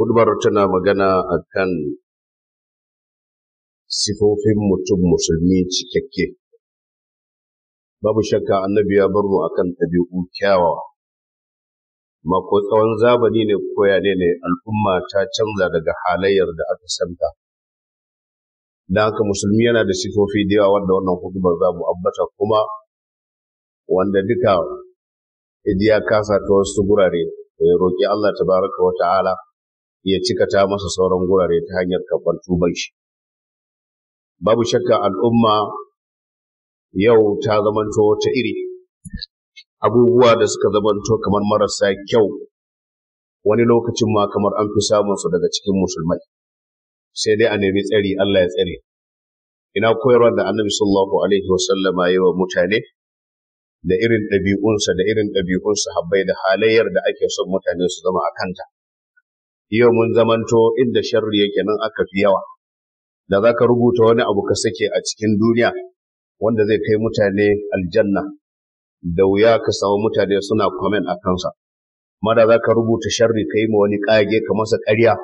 Hudumar tana magana a kan sifofin mutum musulmi cikakke. Babu shakka annabi ya bar mu a kan ɗabi'u kyawawa. Mako tsawon zabani ne koya ne ne al'umma ta canza daga halayyar da aka santa. Da haka musulmi yana da sifofi da yawa wanda wannan hudubar za mu ambata kuma wanda duka idiya kasa ta wasu gurare ya roƙi Allah tabaraka wa ta'ala ya cikata masa sauran gurare ta hanyar karɓar tuban shi. Babu shakka al'umma yau ta zamanto wata iri, abubuwa da suka zamanto kamar marasa kyau wani lokacin ma kamar an fi samunsu daga cikin musulmai, sai dai a nemi tsari Allah ya tsare. Ina koyarwa da annabi sallallahu alaihi wasallama yi wa mutane da irin ɗabi'unsa da irin ɗabi'un habbai da halayyar da ake son mutane su zama a kanta. yau mun zamanto inda sharri yake nan aka fi yawa da za ka rubuta wani abu ka sake a cikin duniya wanda zai kai mutane aljanna da wuya ka samu mutane suna kwamen a kansa mada za ka rubuta sharri ka yi ma wani kage ka masa karya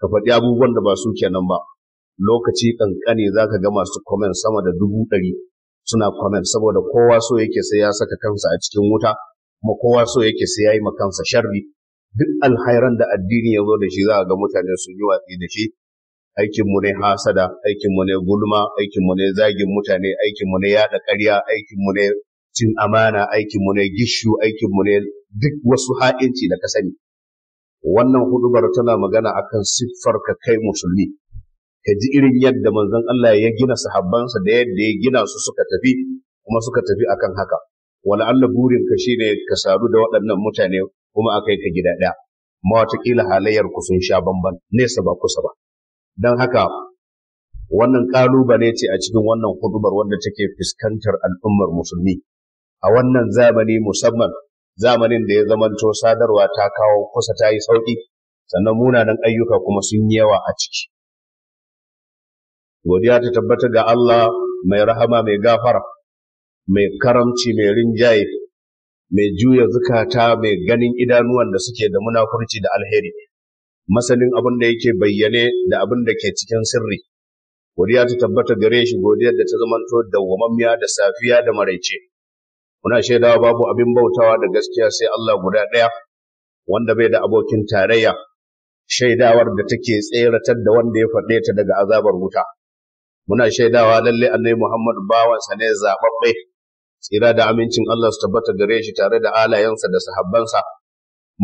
ka faɗi abubuwan da ba su kenan ba lokaci ƙanƙani za ka ga masu kwamen sama da dubu ɗari suna kwamen saboda kowa so yake sai ya saka kansa a cikin wuta kuma kowa so yake sai ya yi ma kansa sharri duk alhairan da addini ya zo da shi za ga mutane sun yi watsi da shi aikin ne hasada aikin mu ne gulma aikin ne zagin mutane aikin ne yada karya. aikin ne cin amana aikin ne gishu aikin mu ne duk wasu ha'inci da ka sani wannan hudubar tana magana akan siffar ka kai musulmi ka ji irin yadda manzon Allah ya gina sahabbansa da yadda ya gina su suka tafi kuma suka tafi akan haka wala Allah burin ka shine ka sadu da waɗannan mutane kuma a kai ka gida ɗaya ma watakila halayyar ku sun sha bamban nesa ba kusa ba don haka wannan ƙalubale ce a cikin wannan hudubar wanda take fuskantar al'ummar musulmi a wannan zamani musamman zamanin da ya zamanto sadarwa ta kawo kusa ta yi sauƙi sannan munanan ayyuka kuma sun yi yawa a ciki godiya ta tabbata ga Allah mai rahama mai gafara mai karamci mai rinjaye mai juya zukata mai ganin idanuwan da suke da munafurci da alheri masanin abin da yake bayyane da abin da ke cikin sirri godiya ta tabbata gare shi godiyar da ta zamanto dawwamammiya da safiya da maraice muna shaidawa babu abin bautawa da gaskiya sai Allah guda ɗaya wanda bai da abokin tarayya shaidawar da take tseratar da wanda ya faɗe ta daga azabar wuta muna shaidawa lalle annabi Muhammad bawansa ne zababbe tsira da amincin Allah su tabbata gare shi tare da alayensa da sahabbansa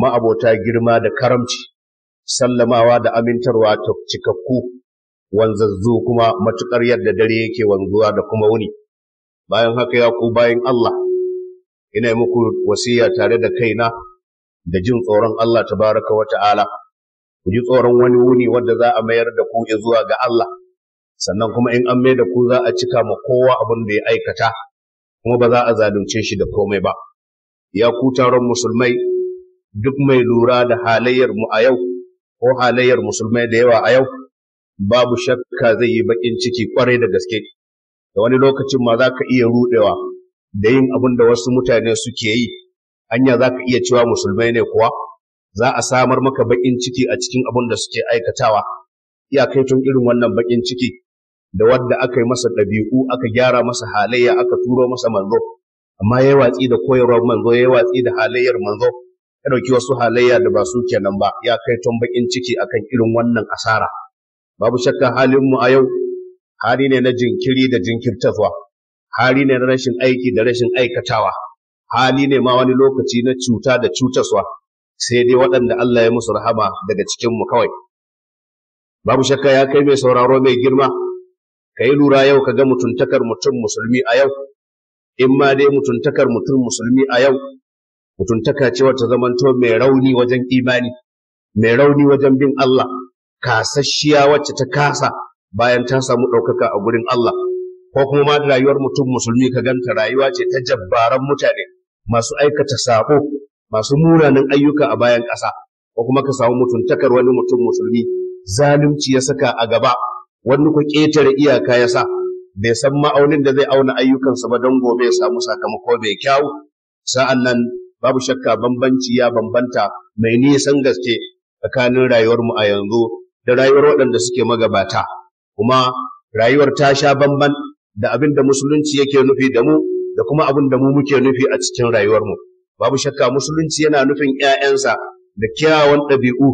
ma'abota girma da karamci sallamawa da amintarwa ta cikakku wanzazzu kuma matukar yadda dare yake wanzuwa da kuma wuni bayan haka ya ku bayan Allah ina yi muku wasiya tare da kaina da jin tsoron Allah tabaraka wa ta'ala ku ji tsoron wani wuni wanda za a mayar da ku zuwa ga Allah sannan kuma in an mai da ku za a cika ma kowa abin da ya aikata kuma ba za a zalunce shi da komai ba ya ku taron musulmai duk mai lura da halayyar mu a yau ko halayyar musulmai da yawa a yau babu shakka zai yi bakin ciki kwarai da gaske da wani lokacin ma za ka iya rudewa da yin abin da wasu mutane suke yi hanya za ka iya cewa musulmai ne kuwa za a samar maka bakin ciki a cikin abin da suke aikatawa kai tun irin wannan bakin ciki da wanda aka yi masa ɗabi'u aka gyara masa halayya aka turo masa manzo amma ya watsi da koyarwar manzo ya watsi da halayyar manzo ya ɗauki wasu halayya da ba su kenan ba ya kai ton bakin ciki akan irin wannan asara babu shakka halin mu a yau hali ne na jinkiri da jinkirtawa hali ne na rashin aiki da rashin aikatawa hali ne ma wani lokaci na cuta da cutaswa sai dai waɗanda Allah ya musu rahama daga cikin mu kawai babu shakka ya kai mai sauraro mai girma ka yi lura yau ka ga mutuntakar mutum musulmi a yau in ma dai mutuntakar mutum musulmi a yau mutuntaka ce wata zamanto mai rauni wajen imani mai rauni wajen bin Allah kasasshiya wacce ta kasa bayan ta samu ɗaukaka a gurin Allah ko kuma ma rayuwar mutum musulmi ka ganta rayuwa ce ta jabbaran mutane masu aikata sabo masu munanan ayyuka a bayan ƙasa ko kuma ka samu mutuntakar wani mutum musulmi zalunci ya saka a gaba wani ku ƙetare iyaka ya sa bai san ma'aunin da zai auna ayyukansa ba don gobe ya samu sakamako mai kyau sa'an nan babu shakka bambanci ya bambanta mai nisan gaske tsakanin rayuwarmu a yanzu da rayuwar waɗanda suke magabata kuma rayuwar ta sha bamban da abin da musulunci yake nufi da mu da kuma abin da mu muke nufi a cikin rayuwarmu babu shakka musulunci yana nufin ‘ya'yansa da kyawawan ɗabi'u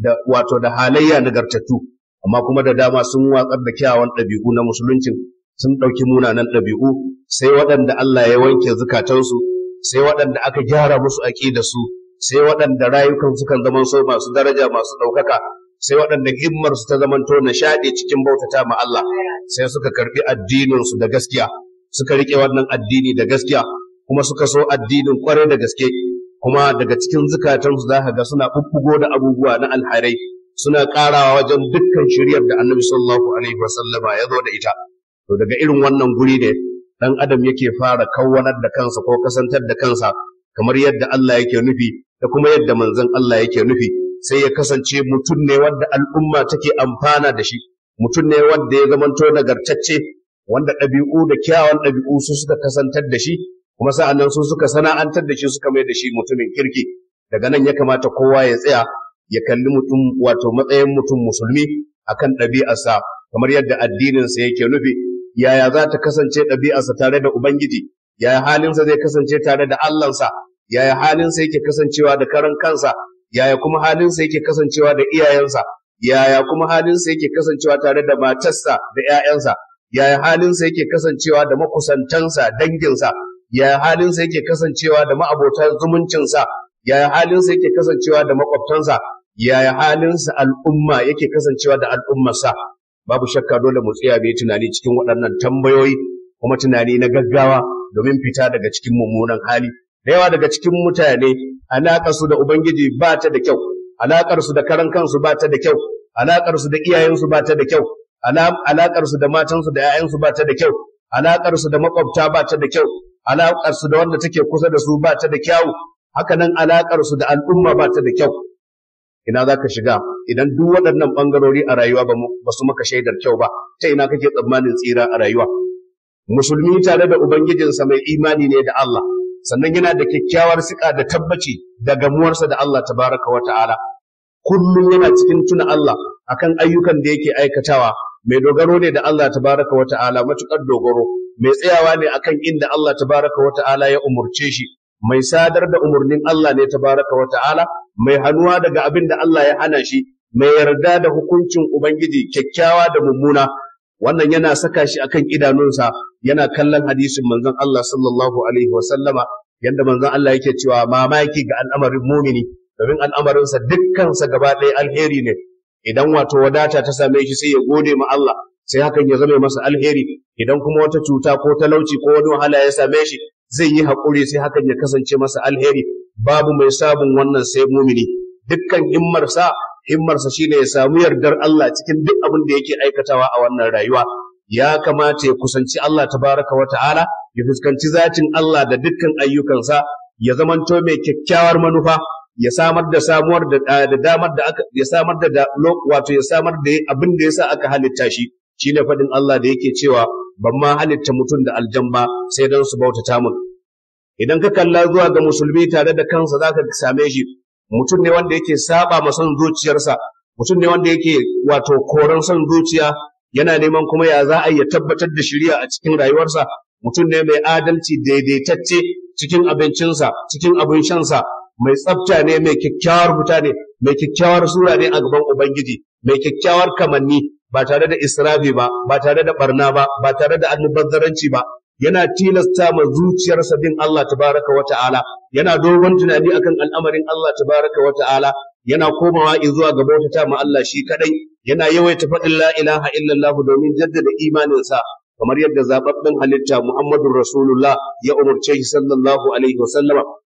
da wato da halayya nagartattu amma kuma da dama sun watsar da kyawawan ɗabi'u na musuluncin sun ɗauki munanan ɗabi'u sai waɗanda Allah ya wanke zukatansu sai waɗanda aka gyara musu su, sai waɗanda rayukan sukan zama so masu daraja masu ɗaukaka sai waɗanda himmar su ta zamanto nishaɗi cikin bautata ma Allah sai suka karɓi addinin su da gaskiya suka riƙe wannan addini da gaskiya kuma suka so addinin kwarai da gaske kuma daga cikin zukatansu za ka ga suna ɓuɓɓugo da abubuwa na alharai suna karawa wajen dukkan shiryar da annabi sallallahu alaihi wasallama ya zo da ita to daga irin wannan guri ne dan adam yake fara kawwanar da kansa ko kasantar da kansa kamar yadda Allah yake nufi da kuma yadda manzon Allah yake nufi sai ya kasance mutum ne wanda al'umma take amfana da shi mutum ne wanda ya zamanto nagartacce wanda ɗabi'u da kyawun ɗabi'u su suka kasantar da shi kuma sa'annan su suka sana'antar da shi suka mai da shi mutumin kirki daga nan ya kamata kowa ya tsaya ya kalli mutum wato matsayin mutum musulmi akan ɗabi'arsa kamar yadda addininsa yake nufi yaya za ta kasance ɗabi'arsa tare da ubangiji yaya halinsa zai kasance tare da Allahnsa yaya halinsa yake kasancewa da karan kansa yaya kuma halinsa yake kasancewa da iyayensa yaya kuma halinsa yake kasancewa tare da matarsa da 'ya'yansa yaya halinsa yake kasancewa da makusantansa danginsa yaya halinsa yake kasancewa da ma'abotan zumuncinsa yaya halinsa yake kasancewa da makwabtansa yaya halinsa al'umma yake kasancewa da al'ummarsa babu shakka dole mu tsaya yi tunani cikin waɗannan tambayoyi kuma tunani na gaggawa domin fita daga cikin mummunan hali da yawa daga cikin mutane alaƙarsu da ubangiji ba ta da kyau alaƙarsu da karan kansu ba ta da kyau alaƙarsu da iyayensu ba ta da kyau alaƙarsu da matansu da 'ya'yansu ba ta da kyau alaƙarsu da makwabta ba ta da kyau alaƙarsu da wanda take kusa da su ba ta da kyau haka nan alaƙarsu da al'umma ba ta da kyau ina za ka shiga idan duk waɗannan ɓangarori a rayuwa ba su maka shaidar kyau ba ta ina kake tsammanin tsira a rayuwa musulmi tare da ubangijinsa mai imani ne da Allah sannan yana da kyakkyawar siƙa da tabbaci da gamuwarsa da Allah tabaraka wa ta'ala kullum yana cikin tuna Allah akan ayyukan da yake aikatawa mai dogaro ne da Allah tabaraka wa ta'ala matuƙar dogaro mai tsayawa ne akan inda Allah tabaraka wa ta'ala ya umurce shi mai sadar da umarnin Allah ne tabaraka wa ta'ala mai hannuwa daga abin da Allah ya hana shi mai yarda da hukuncin ubangiji kyakkyawa da mummuna wannan yana saka shi akan idanunsa yana kallon hadisin manzon Allah sallallahu alaihi wa sallama yanda manzon Allah yake cewa mamaki ga al'amarin mumini domin al'amarinsa dukkansa gaba ɗaya alheri ne idan wato wadata ta same shi sai ya gode ma Allah sai hakan ya zama masa alheri idan kuma wata cuta ko talauci ko wani wahala ya same shi zai yi haƙuri sai hakan ya kasance masa alheri babu mai samun wannan sai mumini dukkan himmarsa himmarsa shine ya samu yardar Allah cikin duk abin da yake aikatawa a wannan rayuwa ya kamata ya kusanci Allah tabaraka wa ta'ala ya fuskanci zatin Allah da dukkan ayyukansa ya zamanto mai kyakkyawar manufa ya samar da samuwar da damar da aka ya samar da wato ya samar da abin da yasa aka halitta shi shine faɗin Allah da yake cewa ban ma halitta mutum da aljan ba sai don su bautata mun idan ka kalla zuwa ga musulmi tare da kansa zaka same shi mutum ne wanda yake saba ma son zuciyarsa mutum ne wanda yake wato koran son zuciya yana neman kuma ya za a ya tabbatar da shirya a cikin rayuwarsa mutum ne mai adalci daidaitacce cikin abincinsa cikin abin shansa mai tsafta ne mai kyakkyawar mutane, mai kyakkyawar sura ne a gaban ubangiji mai kyakkyawar kamanni ba tare da israfi ba ba tare da barna ba ba tare da annabazzaranci ba yana tilasta ma zuciyarsa bin Allah tabaraka wa ta'ala yana dogon tunani akan al'amarin Allah tabaraka wa ta'ala yana komawa zuwa ga bautata ma Allah shi kadai yana yawaita faɗin la ilaha illallah domin jaddada imaninsa kamar yadda zababben halitta Muhammadur Rasulullah ya umarce shi sallallahu alaihi wa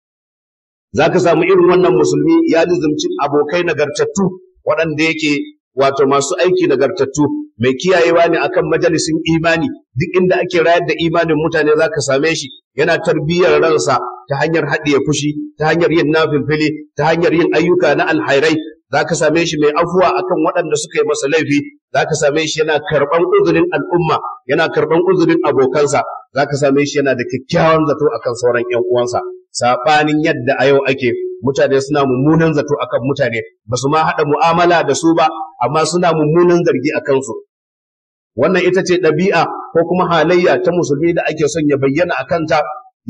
zaka samu irin wannan musulmi ya lizumci abokai nagartattu waɗanda yake wato masu aiki nagartattu mai kiyayewa ne akan majalisin imani duk inda ake rayar da imanin mutane zaka same shi yana tarbiyyar ransa ta hanyar haɗiye fushi ta hanyar yin nafilfili ta hanyar yin ayyuka na alhairai zaka same shi mai afuwa akan waɗanda suka yi masa laifi zaka same shi yana karɓan uzurin al'umma yana karɓan uzurin abokansa zaka same shi yana da kyakkyawan zato akan sauran 'yan uwansa saɓanin yadda a yau ake mutane suna mummunan zato akan mutane ba su ma haɗa mu'amala da su ba amma suna mummunan zargi a kansu wannan ita ce ɗabi'a ko kuma halayya ta musulmi da ake son ya bayyana a kanta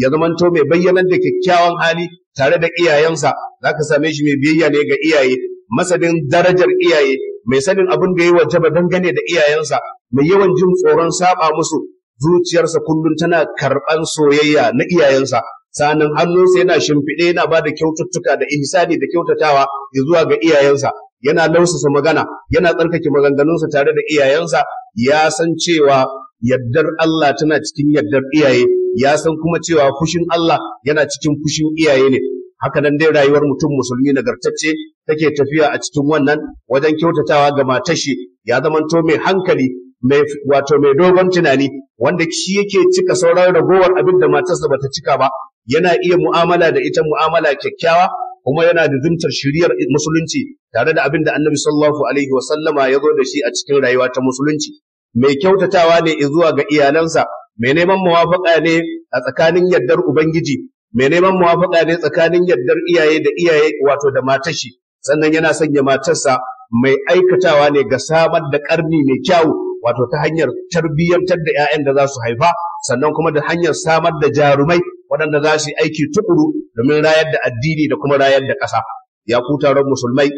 ya zamanto mai bayyanar da kyakkyawan hali tare da iyayensa za ka same shi mai biyayya ne ga iyaye masanin darajar iyaye mai sanin abin da ya wajaba dangane da iyayensa mai yawan jin tsoron saba musu zuciyarsa kullum tana karɓan soyayya na iyayensa Sanin sanan sai yana shimfiɗe yana ba da kyaututtuka da ihsani da kyautatawa zuwa ga iyayensa yana lausasa magana yana tsarkake maganganunsa tare da iyayensa ya san cewa yaddar Allah tana cikin yaddar iyaye ya san kuma cewa fushin Allah yana cikin fushin iyaye ne haka nan dai rayuwar mutum musulmi nagartacce take tafiya a cikin wannan wajen kyautatawa ga matashi ya zamanto mai hankali mai wato mai dogon tunani wanda shi yake cika sauran ragowar abin da matarsa bata cika ba yana iya mu'amala da ita mu'amala kyakkyawa kuma yana da zumtar shiriyar musulunci tare da abin da annabi sallallahu alaihi wa sallama ya zo da shi a cikin rayuwa ta musulunci mai kyautatawa ne zuwa ga iyalansa mai neman muwafaqa ne a tsakanin yaddar ubangiji mai neman muwafaqa ne tsakanin yaddar iyaye da iyaye wato da matashi sannan yana sanya matarsa mai aikatawa ne ga samar da karni mai kyau wato ta hanyar tarbiyyantar da 'ya'yan da za su haifa sannan kuma da hanyar samar da jarumai waɗanda za su yi aiki tukuru domin rayar da addini da kuma rayar da ƙasa ya ku taron musulmai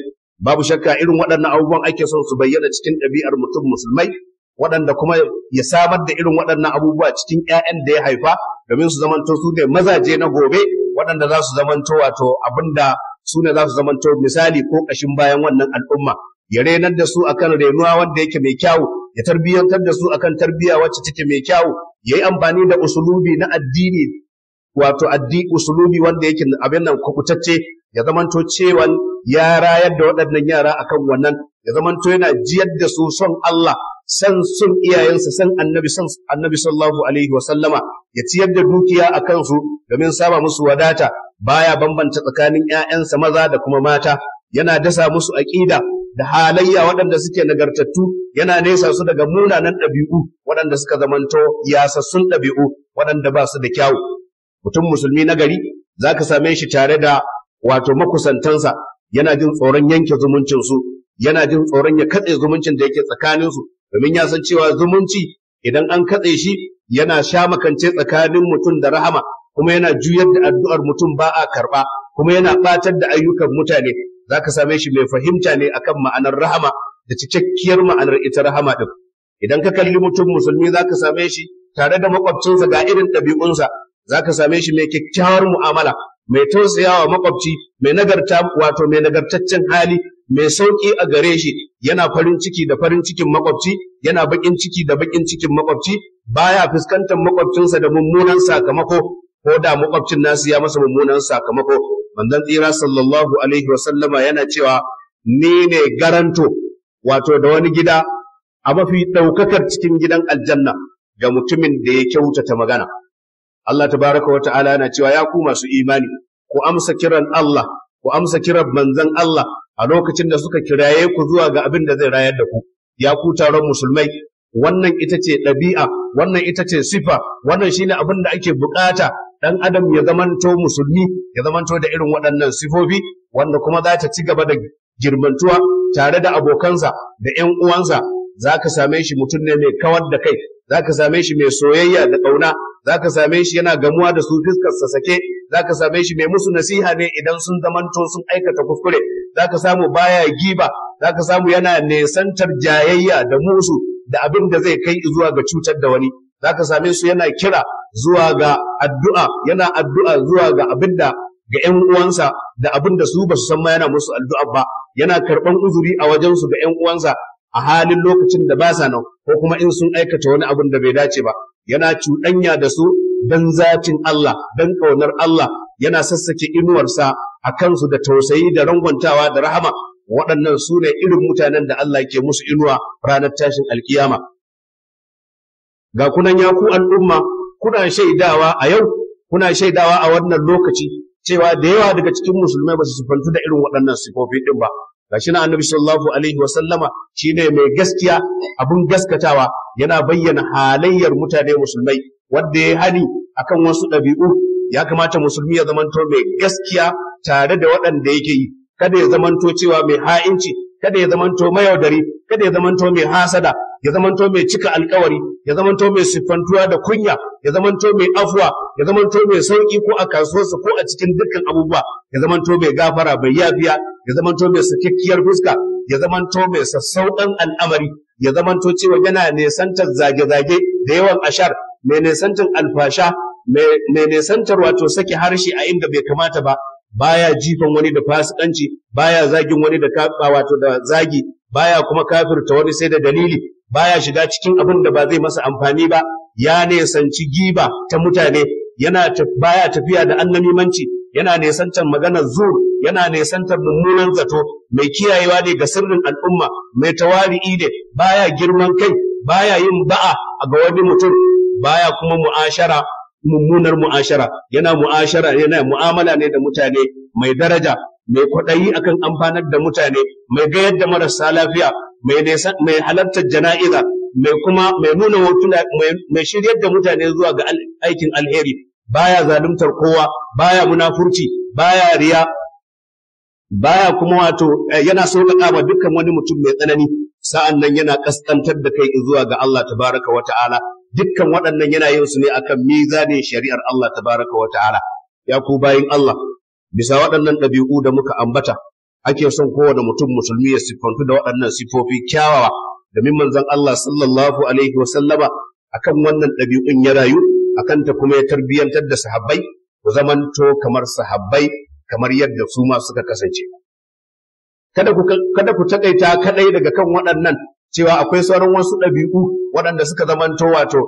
babu shakka irin waɗannan abubuwan ake son su bayyana cikin ɗabi'ar mutum musulmai waɗanda kuma ya samar da irin waɗannan abubuwa cikin 'ya'yan da ya haifa domin su zamanto su ne mazaje na gobe waɗanda za su zamanto wato abinda su ne za su zamanto misali ko ƙashin bayan wannan al'umma ya renar da su akan renuwa wanda yake mai kyawu ya tarbiyyantar da su akan tarbiyya wacce take mai kyawu ya yi amfani da usulubi na addini wato addi usulubi wanda yake abin nan kwakutacce ya zamanto cewa ya rayar da waɗannan yara akan wannan ya zamanto yana jiyar da su son Allah san sun iyayensa san annabi san annabi sallallahu alaihi wasallama ya ciyar da dukiya akan su domin saba musu wadata baya bambanta tsakanin ƴaƴansa maza da kuma mata yana dasa musu aƙida da halayya waɗanda suke nagartattu yana nesa su daga munanan ɗabi'u waɗanda suka zamanto yasassun ɗabi'u waɗanda ba su da kyawu mutum musulmi na gari za ka same shi tare da wato makusantansa yana jin tsoron yanke zumuncinsu yana jin tsoron ya katse zumuncin da yake tsakaninsu domin ya san cewa zumunci idan an katse shi yana sha makance tsakanin mutum da rahama kuma yana juyar da addu'ar mutum ba a karɓa kuma yana batar da ayyukan mutane za ka same shi mai fahimta ne akan ma'anar rahama da cikakkiyar ma'anar ita rahama din idan ka kalli mutum musulmi za ka same shi tare da makwabcinsa ga irin ɗabi'unsa za ka same shi mai kyakkyawar mu'amala mai tausayawa makwabci mai nagarta wato mai nagartaccen hali mai sauƙi a gare shi yana farin ciki da farin cikin makwabci yana baƙin ciki da baƙin cikin makwabci baya fuskantar makwabcinsa da mummunan sakamako ko da makwabcin nasu ya masa mummunan sakamako manzon tsira sallallahu alaihi wasallama yana cewa ni ne garanto wato da wani gida a mafi ɗaukakar cikin gidan aljanna ga mutumin da ya kyautata magana Allah tabaraka wa ta'ala na cewa ya ku masu imani ku amsa kiran Allah ku amsa kiran manzon Allah a lokacin da suka kiraye ku zuwa ga abin da zai rayar da ku ya ku taron musulmai wannan ita ce ɗabi'a wannan ita ce sifa wannan shine abin da ake bukata Ɗan adam ya zamanto musulmi ya zamanto da irin waɗannan sifofi wanda kuma za ta ci gaba da girmantuwa tare da abokansa da ƴan uwansa za ka same shi mutum ne mai kawar da kai za ka same shi mai soyayya da ƙauna zaka same shi yana gamuwa da su fiskar sa sake zaka same shi mai musu nasiha ne idan sun zamanto sun aikata kuskure zaka samu baya giba zaka samu yana nesantar jayayya da musu da abin da zai kai zuwa ga cutar da wani zaka same su yana kira zuwa ga addu'a yana addu'a zuwa ga abin da ga ‘yan uwansa da abin da su ba su san ma yana musu addu'a ba, yana karɓan uzuri a wajensu ga ‘yan uwansa a halin lokacin da ba sa nan ko kuma in sun aikata wani abin da bai dace ba. yana cuɗanya da su don zacin Allah don ƙaunar Allah yana sassake inuwarsa a kansu da tausayi da rangwantawa da rahama waɗannan su ne irin mutanen da Allah ke musu inuwa ranar tashin alkiyama ga kunan ya ku al'umma kuna shaidawa a yau kuna shaidawa a wannan lokaci cewa da yawa daga cikin musulmai ba su sufantu da irin waɗannan sifofi ɗin ba gashi na annabi sallallahu alaihi wa sallama shine mai gaskiya abun gaskatawa yana bayyana halayyar mutane musulmai wanda ya hani akan wasu ɗabi'u ya kamata musulmi ya zamanto mai gaskiya tare da waɗanda yake yi kada ya zamanto cewa mai ha'inci kada ya zamanto mayaudari kada ya zamanto mai hasada ya zamanto mai cika alkawari ya zamanto mai siffantuwa da kunya ya zamanto mai afuwa ya zamanto mai sauki ko a kasuwarsa ko a cikin dukkan abubuwa ya zamanto mai gafara mai yafiya ya zamanto mai sakakkiyar fuska ya zamanto mai sassauƙan al'amari ya zamanto cewa yana nesantar zage-zage da yawan ashar mai nesantar alfasha mai nesantar wato sake harshe a inda bai kamata ba baya jifan wani da fasikanci baya zagin wani da wato da zagi baya kuma kafirta wani sai da dalili baya shiga cikin abin da ba zai masa amfani ba ya nesanci giba ta mutane yana baya tafiya da annamimanci yana nesantar maganar zur yana nesantar mummunan zato mai kiyayewa ne ga sirrin al'umma mai tawari'i ne baya girman kai baya yin ba'a a ga wani mutum baya kuma mu'ashara mummunar mu'ashara yana mu'ashara yana mu'amala ne da mutane mai daraja mai kwaɗayi akan amfanar da mutane mai gayar da marasa lafiya mai halartar jana'iza mai kuma mai nuna hotuna mai shiryar da mutane zuwa ga aikin alheri baya zaluntar kowa baya munafurci baya riya baya kuma wato eh, yana sauƙaƙa wa dukkan wani mutum mai tsanani sa'an nan yana ƙasƙantar da kai zuwa ga Allah tabaraka wa dukkan waɗannan yana yin su ne akan mizanin shari'ar Allah tabaraka wa ta'ala ya ku bayin Allah bisa waɗannan ɗabi'u da muka ambata ake son kowane mutum musulmi ya siffantu da waɗannan siffofi kyawawa domin manzon Allah sallallahu alaihi wa sallama akan wannan ɗabi'un ya rayu akan ta kuma ya tarbiyyantar da sahabbai ku zamanto kamar sahabbai kamar yadda su ma suka kasance kada ku kada ku takaita kadai daga kan waɗannan cewa akwai sauran wasu ɗabi'u waɗanda suka zamanto wato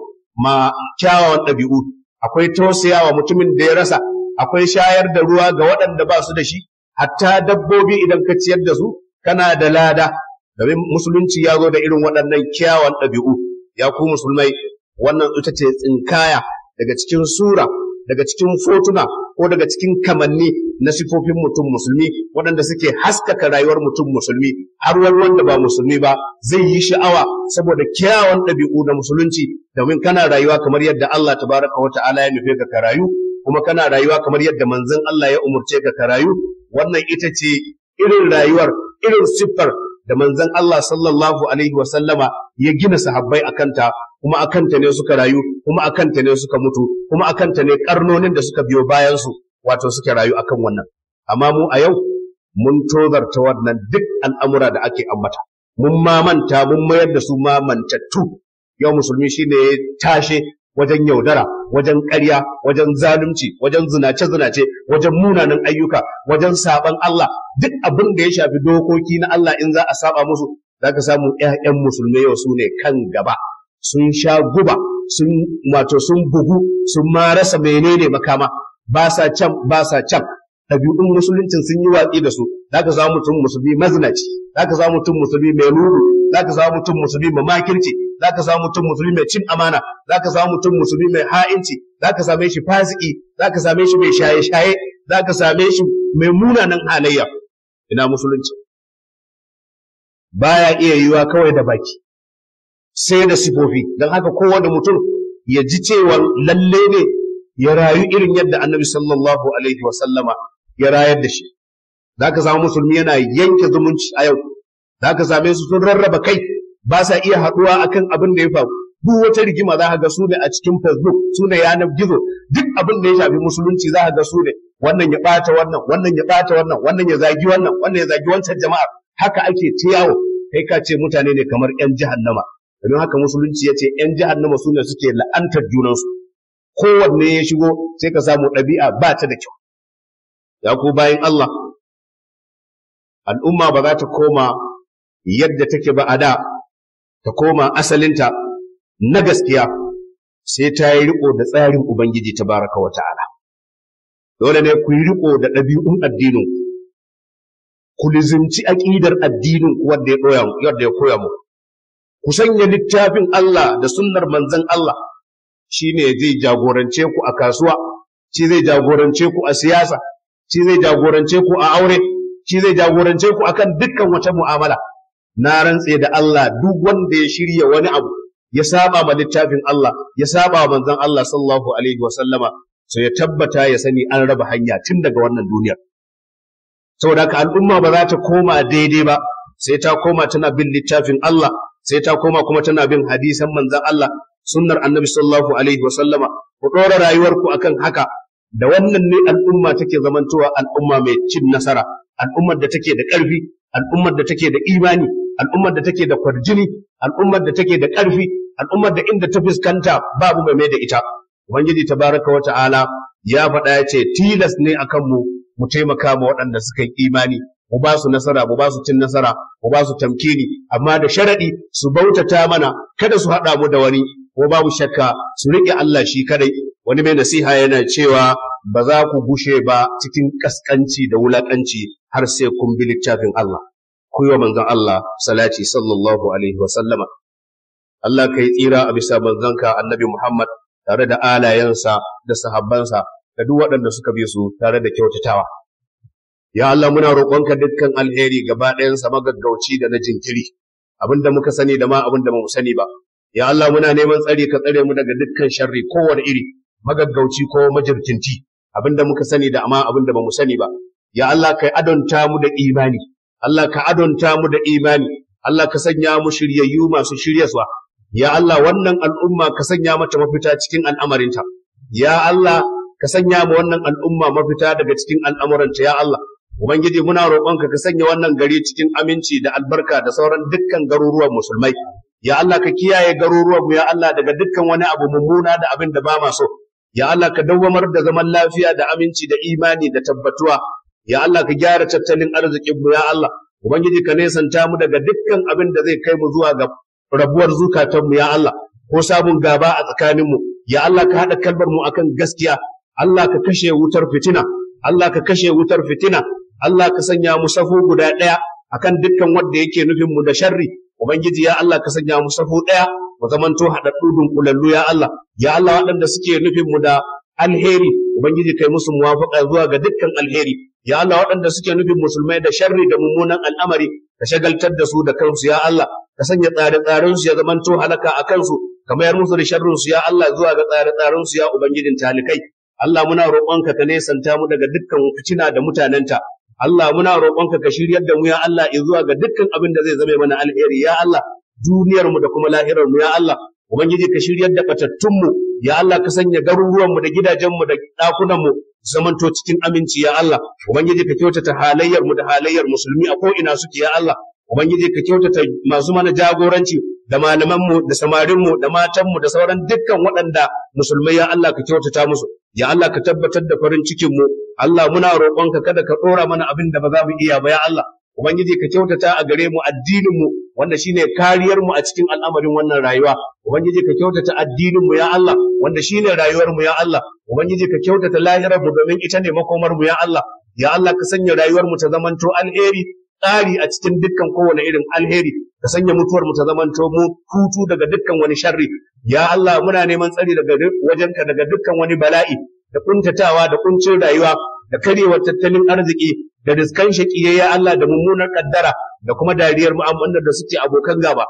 ma kyawawan ɗabi'u akwai tausayawa mutumin da ya rasa akwai shayar da ruwa ga waɗanda ba su da shi hatta dabbobi idan ka ciyar da su kana da lada domin musulunci ya zo da irin waɗannan kiyawan ɗabi'u ya ku musulmai wannan ita ce tsinkaya daga cikin sura daga cikin fotuna ko daga cikin kamanni na sifofin mutum musulmi waɗanda suke haskaka rayuwar mutum musulmi har wanda ba musulmi ba zai yi sha'awa saboda kiyawan ɗabi'u na musulunci domin kana rayuwa kamar yadda Allah tabaraka wa ta'ala ya nufe ka rayu kuma kana rayuwa kamar yadda manzon Allah ya umurce ka ka rayu wannan ita ce irin rayuwar irin siffar da manzon Allah sallallahu alaihi wasallama ya gina sahabbai akanta kuma akanta ne suka rayu kuma akanta ne suka mutu kuma akanta ne karnonin da suka biyo bayan su wato suka rayu akan wannan amma mu a yau mun tozarta wannan duk al'amura da ake ambata mun mamanta mun mayar da su mamantattu yau musulmi shine ya tashe wajen yaudara wajen ƙarya wajen zalunci wajen zinace zinace wajen munanan ayyuka wajen saɓan Allah duk abin da ya shafi dokoki na Allah in za a saɓa musu zaka samu ƴaƴan musulmai yau su ne kan gaba sun sha guba sun wato sun bugu sun ma rasa menene makama ba sa can ba sa can ɗabi'un musuluncin sun yi watsi da su zaka samu mutum musulmi mazinaci zaka samu mutum musulmi mai za zaka samu mutum musulmi mamakirci zaka samu mutum musulmi mai cin amana zaka samu mutum musulmi mai ha'inci zaka same shi fasiki zaka same shi mai shaye shaye zaka same shi mai munanan halayya ina musulunci baya iya yiwa kawai da baki sai da sifofi don haka kowane mutum ya ji cewa lalle ne ya rayu irin yadda annabi sallallahu alaihi wa sallama ya rayar da shi zaka samu musulmi yana yanke zumunci a yau zaka same su sun rarraba kai ba sa iya haɗuwa akan abin da ya faru duk wata rigima za ka ga su ne a cikin facebook su ne yanar gizo duk abin da ya shafi musulunci za ka ga su ne wannan ya ɓata wannan wannan ya ɓata wannan wannan ya zagi wannan wannan ya zagi wancan jama'a haka ake ta yawo kai ka ce mutane ne kamar yan jahannama domin haka musulunci ya ce yan jahannama su ne suke la'antar junansu kowanne ya shigo sai ka samu ɗabi'a ba ta da kyau ya ku bayan Allah al'umma ba za ta koma yadda take ba a da ta koma asalinta na gaskiya sai ta yi riko da tsarin Ubangiji ta baraka wa ta'ala. Dole ne ku yi riko da ɗabi'un addinin ku lizimci aƙidar addinin wadda ya koya mu. Ku sanya littafin Allah da sunnar manzan Allah shi ne zai jagorance ku a kasuwa, shi zai jagorance ku a siyasa, shi zai jagorance ku a aure, shi zai jagorance ku akan dukkan wata mu'amala. na rantse da Allah duk wanda ya shirya wani abu ya saba ma littafin Allah ya saba wa manzon Allah sallallahu alaihi wa sallama so ya tabbata ya sani an raba hanya tun daga wannan duniyar saboda haka al'umma ba za ta koma daidai ba sai ta koma tana bin littafin Allah sai ta koma kuma tana bin hadisan manzon Allah sunnar annabi sallallahu alaihi wa sallama ku dora rayuwarku akan haka da wannan ne al'umma take zamantowa al'umma mai cin nasara al'ummar da take da ƙarfi al'ummar da take da imani al'ummar da take da kwarjini al'ummar da take da ƙarfi al'ummar da inda ta fuskanta babu mai mai da ita ubangiji tabaraka wa ta'ala ya faɗa ya ce tilas ne akan mu mu taimaka ma waɗanda suka yi imani mu ba su nasara mu ba su cin nasara mu ba su tamkini amma da sharaɗi su bautata mana kada su haɗa mu da wani ko babu shakka su riƙe Allah shi kadai wani mai nasiha yana cewa ba za ku gushe ba cikin ƙasƙanci da wulaƙanci har sai kun bi littafin Allah ku yi manzon Allah salati sallallahu alaihi wa sallama Allah kai tsira a bisa manzanka annabi Muhammad tare da alayensa da sahabbansa da duk waɗanda suka bi su tare da kyautatawa ya Allah muna roƙonka dukkan alheri gaba ɗayansa magaggauci da na jinkiri abinda muka sani da ma abinda ba mu sani ba ya Allah muna neman tsare ka tsare mu daga dukkan sharri kowane iri magaggauci ko majirkinci abinda muka sani da amma abinda ba mu sani ba ya Allah kai adonta mu da imani Allah ka adonta mu da imani Allah ka sanya mu shiryayyu masu shiryaswa ya Allah wannan al'umma ka sanya mata mafita cikin al'amarinta ya Allah ka sanya mu wannan al'umma mafita daga cikin al'amuranta ya Allah Ubangiji muna roƙonka ka sanya wannan gari cikin aminci da albarka da sauran dukkan garuruwan musulmai. Ya Allah ka kiyaye garuruwanmu ya Allah daga dukkan wani abu mummuna da abin da ba ma so. Ya Allah ka dawwamar da zaman lafiya da aminci da imani da tabbatuwa ya Allah ka gyara tattalin arzikin mu ya Allah ubangiji ka nesanta mu daga dukkan abin da zai kai mu zuwa ga rabuwar zukatanmu ya Allah ko sabon gaba a tsakanin mu ya Allah ka hada kalbar mu akan gaskiya Allah ka kashe wutar fitina Allah ka kashe wutar fitina Allah ka sanya mu safu guda ɗaya akan dukkan wanda yake nufin mu da sharri ubangiji ya Allah ka sanya mu safu ɗaya mu zamanto haɗaɗɗu dunkulallu ya Allah ya Allah waɗanda suke nufin mu da alheri ubangiji kai musu muwafaqa zuwa ga dukkan alheri ya Allah waɗanda suke nufin musulmai da sharri da mummunan al'amari ka shagaltar da su da kansu ya Allah ka sanya tsare-tsaren ya zamanto halaka a kansu ka mayar musu da sharrin su ya Allah zuwa ga tsare-tsaren ya ubangijin talikai Allah muna roƙonka ka nesanta mu daga dukkan fitina da mutanenta Allah muna roƙonka ka shiryar da mu ya Allah zuwa ga dukkan abin da zai zame mana alheri ya Allah duniyarmu da kuma lahirarmu ya Allah ubangiji ka shiryar da batattunmu ya Allah ka sanya garuruwanmu da gidajenmu da ɗakunanmu zamanto cikin aminci ya Allah ubangiji ka kyautata halayyarmu da halayyar musulmi a ko ina suke ya Allah ubangiji ka kyautata masu mana jagoranci da malamanmu da samarinmu da matanmu da sauran dukkan waɗanda musulmai ya Allah ka kyautata musu ya Allah ka tabbatar da farin cikinmu Allah muna roƙonka kada ka ɗora mana abin da ba za mu iya ba ya Allah Ubangiji ka kyautata a gare mu addininmu wanda shine kariyar mu a cikin al'amarin wannan rayuwa. Ubangiji ka kyautata addininmu ya Allah wanda shine rayuwar mu ya Allah. Ubangiji ka kyautata lahirar mu domin ita ne makomar mu ya Allah. Ya Allah ka sanya rayuwar mu ta zamanto alheri tsari a cikin dukkan kowane irin alheri. Ka sanya mutuwar mu ta zamanto mu hutu daga dukkan wani sharri. Ya Allah muna neman tsari daga wajenka daga dukkan wani bala'i da kuntatawa da kuncin rayuwa da karewar tattalin arziki da riskan shakiyayya Allah da mummunar kaddara da kuma dariyar mu'amalar da suke abokan gaba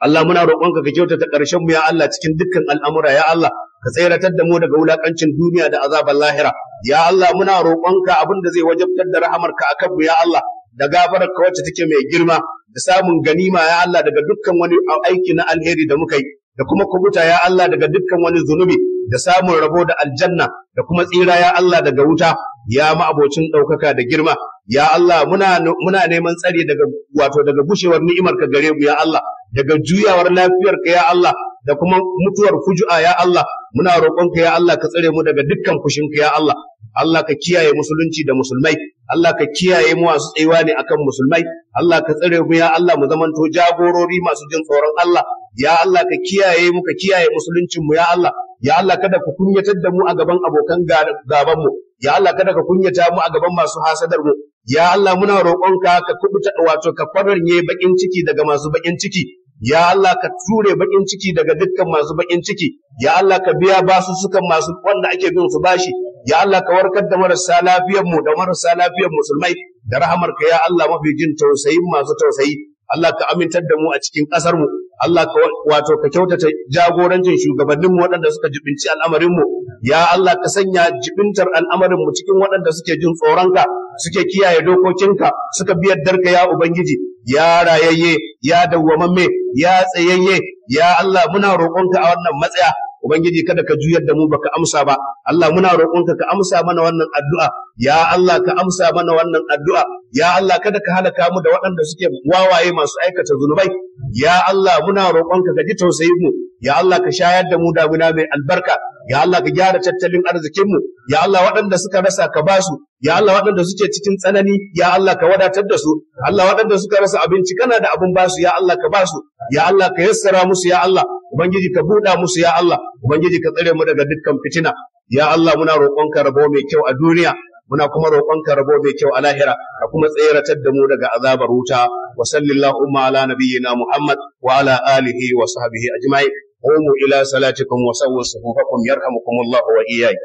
Allah muna roƙonka ka kyautata ƙarshen mu ya Allah cikin dukkan al'amura ya Allah ka tseratar da mu daga wulakancin duniya da azabar lahira ya Allah muna roƙonka abin da zai wajabtar da rahamarka akan mu ya Allah da gafarar ka wacce take mai girma da samun ganima ya Allah daga dukkan wani aiki na alheri da muka yi da kuma kubuta ya Allah daga dukkan wani zunubi da samun rabo da aljanna da kuma tsira ya Allah daga wuta ya ma'abocin ɗaukaka da girma ya Allah muna neman tsare daga wato daga gushewar ka gare mu ya Allah daga juyawar lafiyarka ya Allah da kuma mutuwar fuju'a ya Allah muna roƙonka ya Allah ka tsare mu daga dukkan fushinka ya Allah Allah ka kiyaye musulunci da musulmai Allah ka kiyaye mu masu tsayuwa ne akan musulmai Allah ka tsare mu ya Allah mu zamanto jagorori masu jin tsoron Allah ya Allah ka kiyaye mu ka kiyaye musuluncin mu ya Allah ya Allah kada ku kunyatar da mu a gaban abokan gaban mu ya Allah kada ka kunyata mu a gaban masu hasadar mu ya Allah muna roƙonka ka kubuta wato ka kwararye bakin ciki daga masu bakin ciki ya Allah ka ture bakin ciki daga dukkan masu bakin ciki ya Allah ka biya basu sukan masu wanda ake bin su bashi ya Allah ka warkar da marasa lafiyar mu da marasa lafiyar musulmai da rahamarka ya Allah mafi jin tausayin masu tausayi Allah ka amintar da mu a cikin ƙasar mu Allah ka wato ka kyautata jagorancin shugabanninmu mu waɗanda suka jibinci al'amarinmu? ya Allah ka sanya jibintar al'amarinmu cikin waɗanda suke jin tsoronka suke kiyaye dokokinka suka biyar darka ya ubangiji ya rayayye ya dawwamamme ya tsayayye ya Allah muna roƙonka a wannan matsaya Ubangiji kada ka juyar da mu baka amsa ba Allah muna roƙonka ka amsa mana wannan addu'a ya Allah ka amsa mana wannan addu'a ya Allah kada ka halaka mu da waɗanda suke wawaye masu aikata zunubai ya Allah muna roƙonka ka ji tausayin mu ya Allah ka shayar da mu damuna mai albarka ya Allah ka gyara tattalin arzikin mu ya Allah waɗanda suka rasa ka basu ya Allah waɗanda suke cikin tsanani ya Allah ka wadatar da su Allah waɗanda suka rasa abinci kana da abin basu ya Allah ka basu ya Allah ka yassara musu ya Allah ubangiji ka buɗa musu ya Allah ubangiji ka tsare mu daga dukkan fitina ya Allah muna roƙonka rabo mai kyau a duniya muna kuma roƙonka rabo mai kyau a lahira ka kuma tseratar da mu daga azabar wuta wa sallallahu ala nabiyyina muhammad wa ala alihi wa sahbihi ajma'in قوموا إلى صلاتكم وسووا صفوفكم يرحمكم الله وإياي